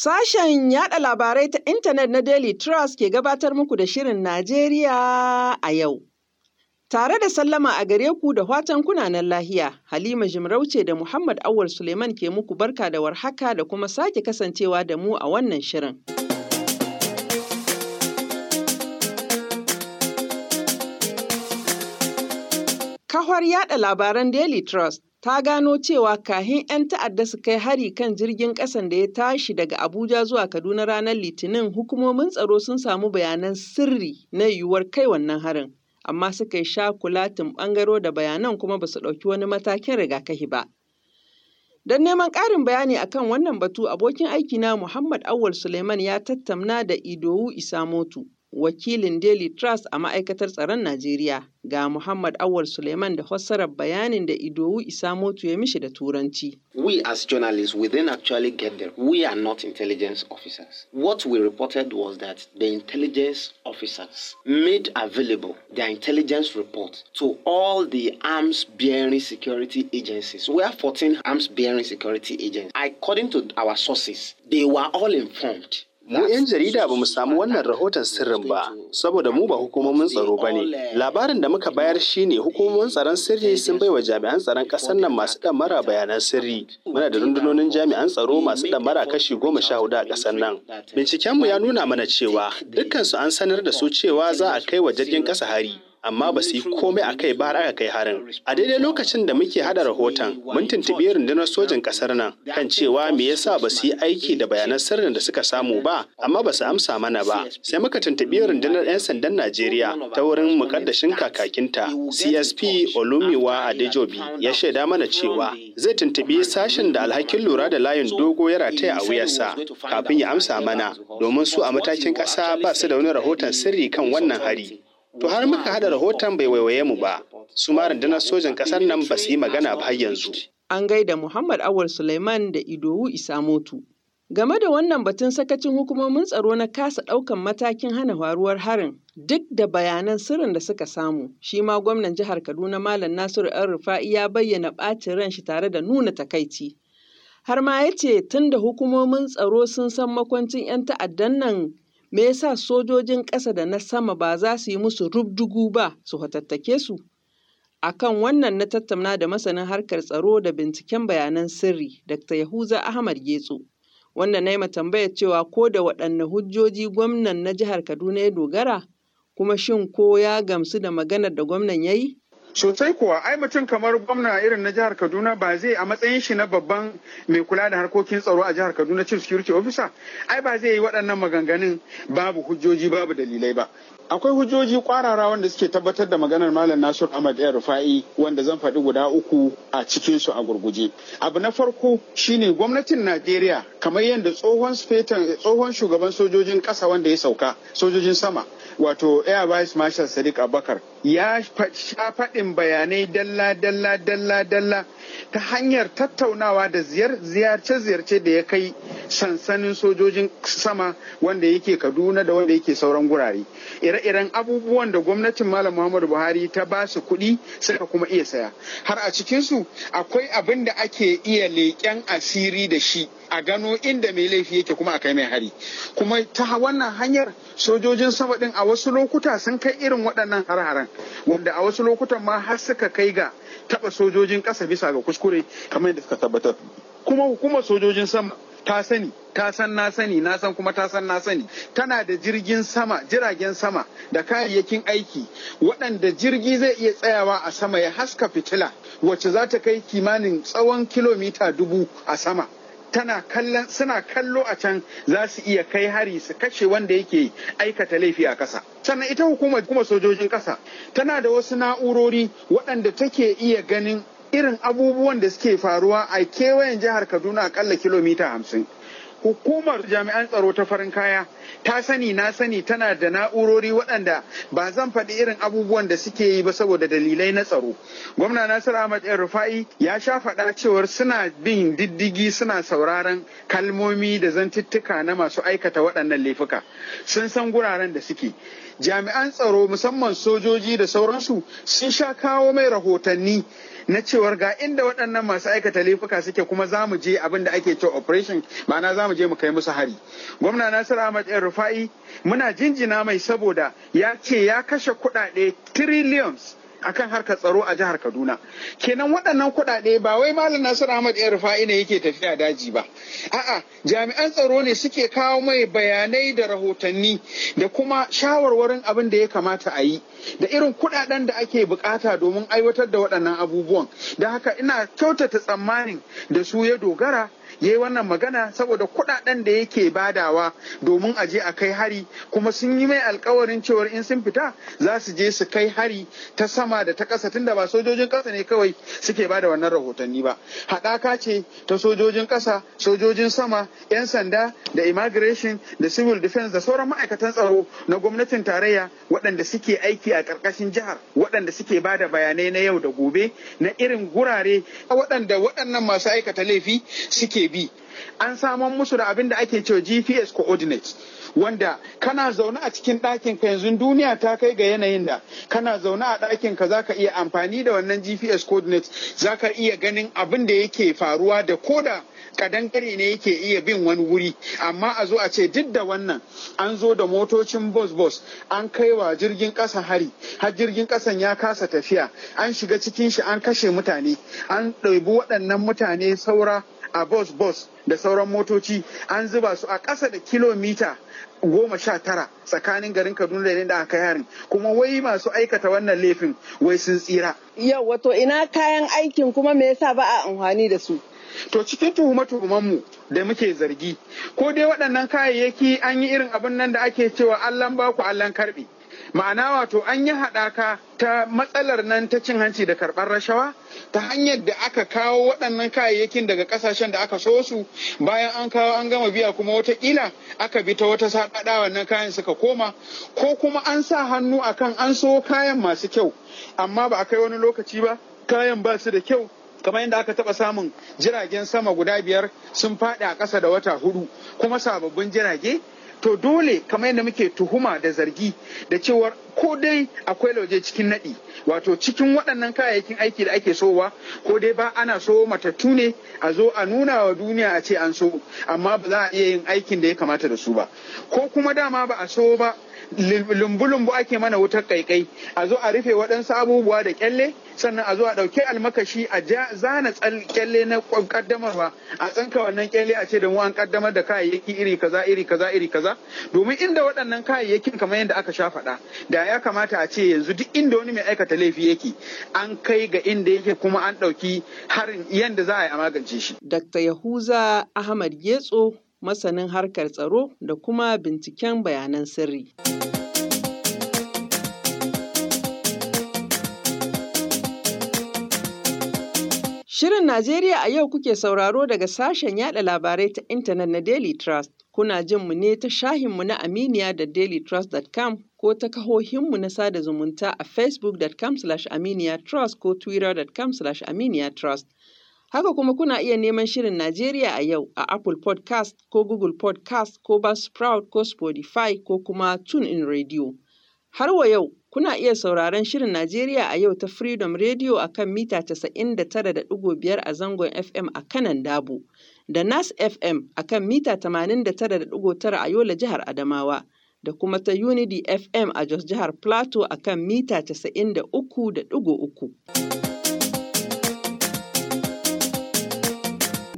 Sashen yaɗa labarai ta intanet na Daily Trust ke gabatar muku da Shirin Najeriya a yau. Tare da sallama a gare ku da watan kunanan lahiya, Halima Jimarauce da Muhammad auwal Suleiman ke muku barka da warhaka da kuma sake kasancewa da mu a wannan shirin. Kahwar yaɗa labaran Daily Trust ta gano cewa kahin 'yan ta'adda su kai hari kan jirgin ƙasan da ya tashi daga Abuja zuwa Kaduna ranar Litinin, hukumomin tsaro sun samu bayanan sirri na yiwuwar kai wannan harin, amma suka yi kulatin ɓangaro da bayanan kuma ba su ɗauki wani matakin rigakahi ba. Don neman ƙarin bayani akan wannan batu, abokin aikina Muhammad Awal Suleiman ya tattamna da Idowu Isamotu. wakilin Daily Trust a Ma'aikatar Tsaron Najeriya ga Muhammad Awal Suleiman da fassarar bayanin da Idowu Isamotu ya mishi da Turanci. We as journalists, we didn't actually get there. We are not intelligence officers. What we reported was that the intelligence officers made available their intelligence report to all the arms-bearing security agencies. We have 14 arms-bearing security agencies. According to our sources, they were all informed Mu 'yan jarida ba mu samu wannan rahoton sirrin ba, saboda mu ba hukumomin tsaro ba ne. Labarin da muka bayar shi ne, hukumomin tsaron sirri sun bai wa jami'an tsaron ƙasar nan masu ɗamara bayanan sirri. Muna da rundunonin jami'an tsaro masu ɗamara kashi goma sha hudu a ƙasar nan. Bincikenmu ya nuna mana cewa dukkansu an sanar da su cewa za a kai wa jirgin ƙasa hari. amma ba su yi komai a kai ba har aka kai harin. A daidai lokacin da muke hada rahoton, mun tuntuɓi rundunar sojin ƙasar nan kan cewa me yasa ba su yi aiki da bayanan sirrin da suka samu ba, amma ba su amsa mana ba. Sai muka tuntuɓi rundunar 'yan sandan Najeriya ta wurin mukaddashin kakakinta CSP Olumiwa Adejobi ya shaida mana cewa zai tuntuɓi sashen da alhakin lura da layin dogo ya rataya a wuyarsa kafin ya amsa mana domin su a matakin ƙasa ba su da wani rahoton sirri kan wannan hari. To har muka haɗa rahoton bai waiwaye mu ba, su ma rundunar sojan ƙasar nan ba su yi magana ba har yanzu. An gaida Muhammad Awal Suleiman da Idowu motu. Game da wannan batun sakacin hukumomin tsaro na kasa ɗaukan matakin hana faruwar harin duk da bayanan sirrin da suka samu, shi ma gwamnan jihar Kaduna Malam Nasiru ‘yan Rufa'i ya bayyana ɓacin ran shi tare da nuna takaici. Har ma ya ce tun da hukumomin tsaro sun san makwancin ‘yan ta'addan nan Me yasa sojojin ƙasa da na sama ba za su yi musu rubdugu ba su hatattake su? A kan wannan na tattauna da masanin harkar tsaro da binciken bayanan sirri, Dr. Yahuza Ahmad Getso, wanda na yi ma tambayar cewa ko da waɗanne hujjoji gwamnan na jihar Kaduna ya dogara, kuma shin ko ya gamsu da maganar da gwamnan ya yi? Sosai kuwa ai mutum kamar gwamna irin na jihar Kaduna ba zai a matsayin shi na babban mai kula da harkokin tsaro a jihar Kaduna chief security officer ai ba zai yi waɗannan maganganun babu hujjoji babu dalilai ba. Akwai hujjoji kwarara wanda suke tabbatar da maganar Malam nasur Ahmad El Rufa'i wanda zan faɗi guda uku a cikinsu a gurguje. Abu na farko shine gwamnatin Najeriya kamar yadda tsohon shugaban sojojin ƙasa wanda ya sauka sojojin sama wato Air Vice Marshal Sadiq Abubakar ya sha faɗin bayanai dalla dalla dalla dalla ta hanyar tattaunawa da ziyarce-ziyarce da ya kai sansanin sojojin sama wanda yake kaduna da wanda yake sauran gurare ire-iren abubuwan da gwamnatin malam muhammadu buhari ta ba su kuɗi suka kuma iya saya har a cikinsu akwai abin da ake iya leƙen asiri da shi a gano inda mai laifi yake kuma a kai mai hari kuma ta wannan hanyar sojojin sama din a wasu lokuta sun kai irin waɗannan har-haren wanda a wasu lokutan ma har suka kai ga taba sojojin ƙasa bisa ga kuskure kamar yadda suka tabbatar kuma hukumar sojojin sama ta sani ta san na sani na san kuma ta san na sani tana da jirgin sama jiragen sama da kayayyakin aiki waɗanda jirgi zai iya tsayawa a sama ya haska fitila wacce za ta kai kimanin tsawon kilomita dubu a sama tana suna kallo a can za su iya kai hari su kashe wanda yake aikata laifi a ƙasa sannan ita hukumar kuma sojojin ƙasa tana da wasu na'urori waɗanda take iya ganin irin abubuwan da suke faruwa a kewayen jihar kaduna akalla kilomita hamsin hukumar jami'an tsaro ta farin kaya ta sani na sani tana da na'urori waɗanda ba zan faɗi irin abubuwan da suke yi ba saboda dalilai na tsaro gwamna Nasiru ahmad yan rufa'i ya sha faɗa cewar suna bin diddigi suna sauraron kalmomi da zantuttuka na masu aikata waɗannan laifuka sun san guraren da suke jami'an tsaro musamman sojoji da sauransu sun sha kawo mai rahotanni na cewar ga inda waɗannan masu aikata laifuka suke kuma za mu je abin da ake cewa operation ma'ana za mu je mu kai musu hari gwamna nasir ahmad yan rufa'i muna jinjina mai saboda ya ce ya kashe kuɗaɗe trillions akan harkar tsaro a jihar Kaduna. Kenan waɗannan kuɗaɗe ba wai Malam Nasiru Ahmad yan Rufa'i ne yake tafiya daji ba. A'a jami'an tsaro ne suke kawo mai bayanai da rahotanni da kuma shawarwarin abin da ya kamata a yi. Da irin kuɗaɗen da ake bukata domin aiwatar da waɗannan abubuwan. Da haka ina kyautata tsammanin da su ya dogara ya yi wannan magana saboda kuɗaɗen da yake badawa domin a je a kai hari kuma sun yi mai alkawarin cewar in sun fita za su je su kai hari ta sama sama da ta ƙasa tunda ba sojojin ƙasa ne kawai suke ba da wannan rahotanni ba haɗaka ce ta sojojin ƙasa sojojin sama 'yan sanda da immigration da civil defense da sauran ma'aikatan tsaro na gwamnatin tarayya waɗanda suke aiki a ƙarƙashin jihar waɗanda suke ba da bayanai na yau da gobe na irin gurare waɗanda waɗannan masu aikata laifi suke bi an samar musu da abin da ake cewa gps coordinates wanda kana zaune a cikin ɗakin ka yanzu duniya ta kai ga yanayin da kana zaune a ɗakin ka zaka iya amfani da wannan GPS coordinates zaka iya ganin abin da yake faruwa da koda kadangare ne yake iya bin wani wuri amma a zo a ce duk da wannan an zo da motocin bus bus an kai wa jirgin ƙasa hari har jirgin ƙasan ya kasa tafiya an shiga cikin shi an kashe mutane an ɗaibi waɗannan mutane saura a bus bus da sauran motoci an zuba su a ƙasa da kilomita goma sha tara tsakanin garin Kaduna da inda aka harin kuma wai masu aikata wannan laifin wai sun tsira. Yau wato ina kayan aikin kuma me yasa ba a amfani da su? To cikin tuhume mu da muke zargi, ko dai waɗannan kayayyaki an yi irin abin nan da ake cewa Allahn baku Allahn karɓe. ma'ana wato an yi haɗaka ta matsalar nan ta cin hanci da karɓar rashawa ta hanyar da aka kawo waɗannan kayayyakin daga ƙasashen da aka so su bayan an kawo an gama biya kuma watakila aka bi ta wata saɗaɗa wannan kayan suka koma ko kuma an sa hannu akan an so kayan masu kyau amma ba a kai wani lokaci ba kayan ba su da kyau kamar yadda aka taɓa samun jiragen sama guda biyar sun faɗi a ƙasa da wata hudu kuma sababbin jirage to dole kamar yadda muke tuhuma da zargi da cewar ko dai akwai lauje cikin naɗi wato cikin waɗannan kayayyakin aiki da ake sowa ko dai ba ana so matattu ne a zo a nuna wa duniya a ce an so amma ba za a iya yin aikin da ya kamata da su ba ko kuma dama ba a so ba lumbu-lumbu ake mana wutar kaikai a zo a rufe waɗansu abubuwa da kyalle sannan a zo a ɗauki almakashi a zana kyalle na ba a tsanka wannan kyalle a ce da mu an kaddamar da kayayyaki iri kaza iri kaza iri kaza domin inda waɗannan kayayyakin kamar yadda aka sha faɗa da ya kamata a ce yanzu duk inda wani mai aikata laifi yake an kai ga inda yake kuma an ɗauki harin yadda za a yi a magance shi. Dr. Yahuza Ahmad Getso masanin harkar tsaro da kuma binciken bayanan sirri. Shirin Najeriya a yau kuke sauraro daga sashen yada labarai ta intanet na Daily Trust. Kuna jin mu ne ta shahinmu na Aminiya da dailytrust.com ko ta kahohinmu na sada zumunta a facebook.com/aminiya trust ko twitter.com/aminiya trust. Haka kuma kuna iya neman Shirin Najeriya a yau a Apple Podcast ko Google Podcast ko Buzzsprout ko Spotify ko kuma TuneIn Radio. Har wa yau, kuna iya sauraron Shirin Najeriya a yau ta Freedom Radio a kan mita 99.5 a zangon FM a kanan Dabo, da Nas FM a kan mita 89.9 a Yola Jihar Adamawa. da kuma ta Unity FM a Jos Jihar Plateau a kan mita 93.3.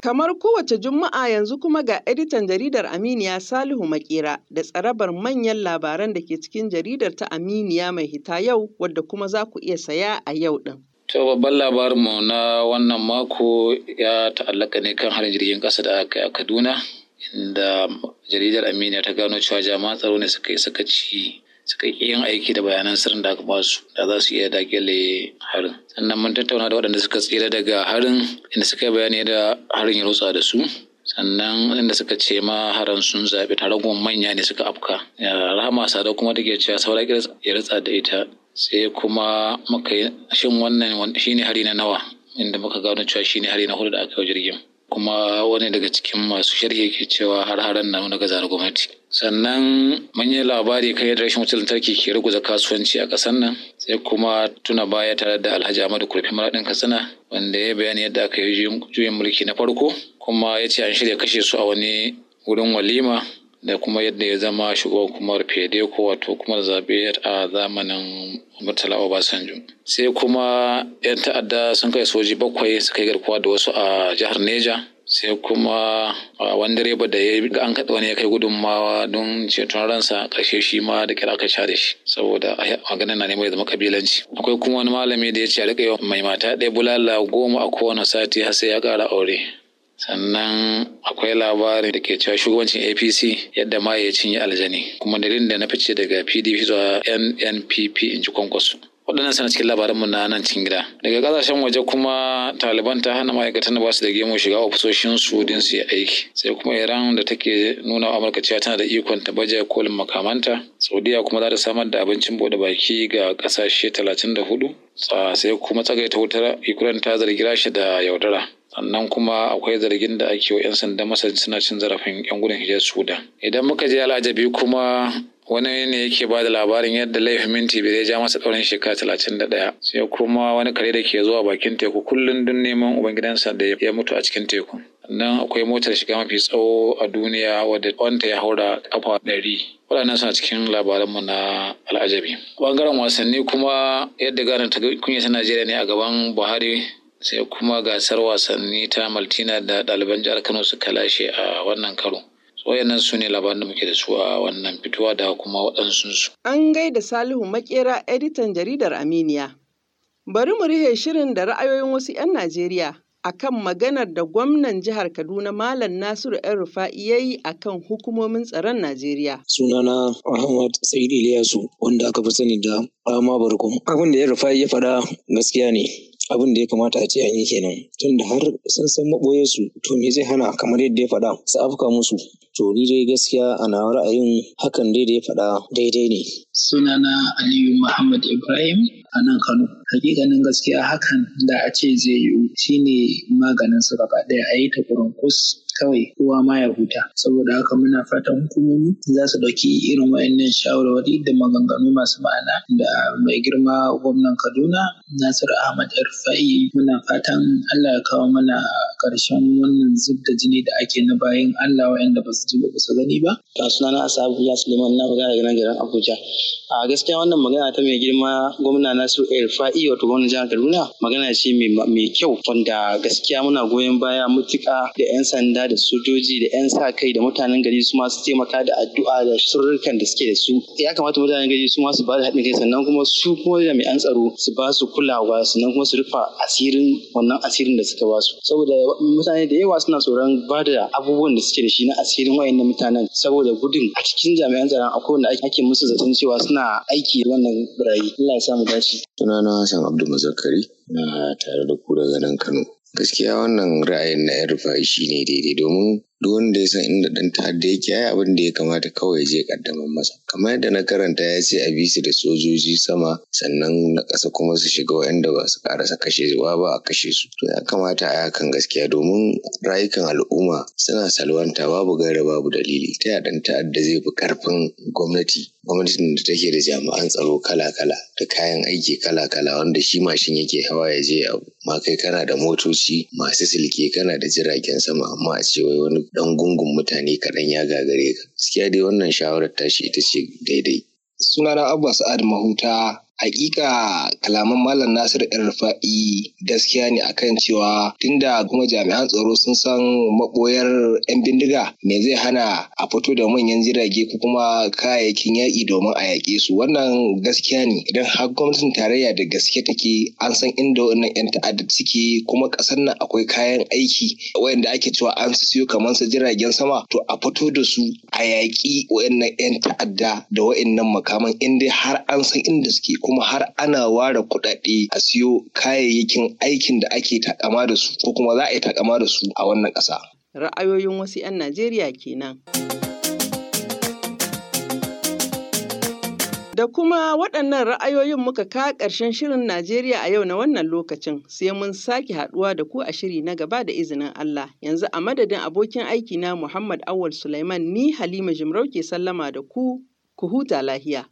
Kamar kowace Juma'a yanzu kuma ga editan jaridar Aminiya Salihu Maƙera da tsarabar manyan labaran da ke cikin jaridar ta Aminiya mai hita yau wadda kuma za ku iya saya a yau ɗin. To babban labarinmu na wannan mako ya ta'allaka ne kan harin jirgin ƙasa da aka yi a Kaduna inda jaridar Aminiya ta gano cewa jami'an tsaro ne suka yi ci. suka yin aiki da bayanan sirrin da aka basu da za su iya dakile harin sannan mun tattauna da waɗanda suka tsira daga harin inda suka bayani da harin ya rutsa da su sannan inda suka ce ma haran sun zaɓi manya ne suka afka rahama sadau kuma take cewa saura ya rutsa da ita sai kuma muka yi shin wannan shine hari na nawa inda muka gano cewa shine hari na hudu da aka yi jirgin kuma wani daga cikin masu sharhi ke cewa har-haren na daga gaza gwamnati sannan mun yi labari kan yadda rashin wutar lantarki ke ruguza kasuwanci a ƙasar nan sai kuma tuna baya tare da alhaji amadu kurfi maraɗin katsina wanda ya bayani yadda aka yi juyin mulki na farko kuma ya ce an shirya kashe su a wani wurin walima da kuma yadda ya zama shugaban hukumar ko wato hukumar zaɓe a zamanin murtala obasanjo sai kuma 'yan ta'adda sun kai soji bakwai suka yi garkuwa da wasu a jihar neja sai kuma a wani direba da ya ga an kaɗa wani ya kai gudunmawa don ceton ransa ƙarshe shi ma da kira aka sha da shi saboda a ganin na neman zama kabilanci akwai kuma wani malami da ya ce a riƙa mai mata ɗaya bulala goma a kowane sati har sai ya ƙara aure sannan akwai labarin da ke cewa shugabancin apc yadda ma ya cinye aljani kuma dalilin da na fice daga pdp zuwa nnpp in ji kwankwaso waɗannan suna cikin labaranmu na nan cikin gida daga ƙasashen waje kuma taliban ta hana ma'aikatan da ba su da gemu shiga su din su yi aiki sai kuma iran da take nuna wa amurka cewa tana da ikon ta baje kolin makamanta saudiya kuma za ta samar da abincin bude baki ga ƙasashe talatin da hudu sai kuma tsagaita wutar ukraine ta zargi rasha da yaudara sannan kuma akwai zargin da ake wa 'yan sanda masar suna cin zarafin 'yan gudun hijar sudan idan muka je al'ajabi kuma wani ne yake ba da labarin yadda laifin minti bai zai ja masa ɗaurin shekara talatin da ɗaya sai kuma wani kare da ke zuwa bakin teku kullum don neman ubangidansa da ya mutu a cikin teku nan akwai motar shiga mafi tsawo a duniya wadda wanta ya haura kafa ɗari waɗannan suna cikin labaranmu na al'ajabi ɓangaren wasanni kuma yadda ganin ta kunya ta najeriya ne a gaban buhari sai kuma gasar wasanni ta maltina da ɗaliban jihar kano suka lashe a wannan karo wayannan su ne labaran da muke da su a wannan fitowa da kuma waɗansu su An gaida Salihu Makera editan jaridar Aminiya. Bari mu rihe shirin da ra'ayoyin wasu 'yan Najeriya akan maganar da gwamnan jihar Kaduna Malam Nasiru ‘yan Rufa'i ya yi akan hukumomin tsaron Najeriya. Sunana Ahmad saidi Ilyasu wanda aka fi sani da Ama Barko. Abin da ‘yan Rufa'i ya faɗa gaskiya ne. abin da ya kamata a ce an yi kenan tunda har sun san su to me zai hana kamar yadda ya faɗa su afka musu to ni dai gaskiya ana ra'ayin hakan dai ya faɗa daidai ne sunana aliyu muhammad ibrahim a nan kano hakikanin gaskiya hakan da a ce zai yiwu shine maganin su gaba ɗaya a yi ta kurunkus kawai kowa ma ya huta saboda haka muna fatan hukumomi za su ɗauki irin wayannan shawarwari da maganganu masu ma'ana da mai girma gwamnan kaduna nasir ahmad yarfa'i muna fatan allah ya kawo mana karshen wannan zub da jini da ake na bayan allah wayanda ba su ji ba su gani ba ta suna na asabu ya suleiman na magana daga nan garin abuja a gaskiya wannan magana ta mai girma gwamna nasiru yarfa'i zaɓi wato gwamnan jihar Kaduna magana ce mai kyau wanda gaskiya muna goyon baya mutuka da 'yan sanda da sojoji da 'yan sa kai da mutanen gari su masu taimaka da addu'a da surrukan da suke da su ya kamata mutanen gari su masu ba da haɗin kai sannan kuma su kuma an tsaro su ba su kulawa sannan kuma su rufa asirin wannan asirin da suka ba su saboda mutane da yawa suna tsoron ba da abubuwan da suke da shi na asirin wayannan mutanen saboda gudun a cikin jami'an tsaron akwai wanda ake musu zaton cewa suna aiki wannan birayi Allah ya samu dace Tunanin Hassan Abdu Mazakari na tare da ku daga nan Kano. Gaskiya wannan ra'ayin na 'yan rufa shi ne daidai domin duk wanda ya san inda ɗan ta'adda yake yi abin da ya kamata kawai ya je ƙaddamar masa kamar yadda na karanta ya ce a bi da sojoji sama sannan na ƙasa kuma su shiga waɗanda ba su ƙarasa kashewa ba a kashe su to ya kamata a hakan gaskiya domin rayukan al'umma suna salwanta babu gaira babu dalili ta ya ɗan ta'adda zai fi ƙarfin gwamnati gwamnatin da take da jami'an tsaro kala-kala da kayan aiki kala-kala wanda shi mashin yake hawa ya je abu ma kai kana da motoci masu silke kana da jiragen sama amma a ce wai wani dan gungun mutane kaɗan ya gagare ka gaskiya dai wannan shawarar tashi ita ce daidai sunana abbas sa'ad mahuta hakika kalaman malam nasiru yan rufa'i gaskiya ne akan cewa tunda kuma jami'an tsaro sun san maboyar yan bindiga me zai hana a fito da manyan jirage ko kuma kayayyakin yaƙi domin a yaƙe su wannan gaskiya ne idan har gwamnatin tarayya da gaske take an san inda wannan yan ta'adda suke kuma ƙasar nan akwai kayan aiki wayanda ake cewa an siyo kamar su jiragen sama to a fito da su a yaƙi wa'annan yan ta'adda da wa'annan makaman inda har an san inda suke kuma har ana ware kuɗaɗe a siyo kayayyakin aikin da ake takama da su ko kuma za a yi takama da su a wannan ƙasa. Ra'ayoyin wasu 'yan Najeriya kenan. Da kuma waɗannan ra'ayoyin muka ka ƙarshen shirin Najeriya a yau na wannan lokacin sai mun sake haɗuwa da ku a shiri na gaba da izinin Allah. Yanzu a madadin abokin aiki na Muhammad Awal Sulaiman ni Halima Jimarau ke sallama da ku, ku huta lahiya.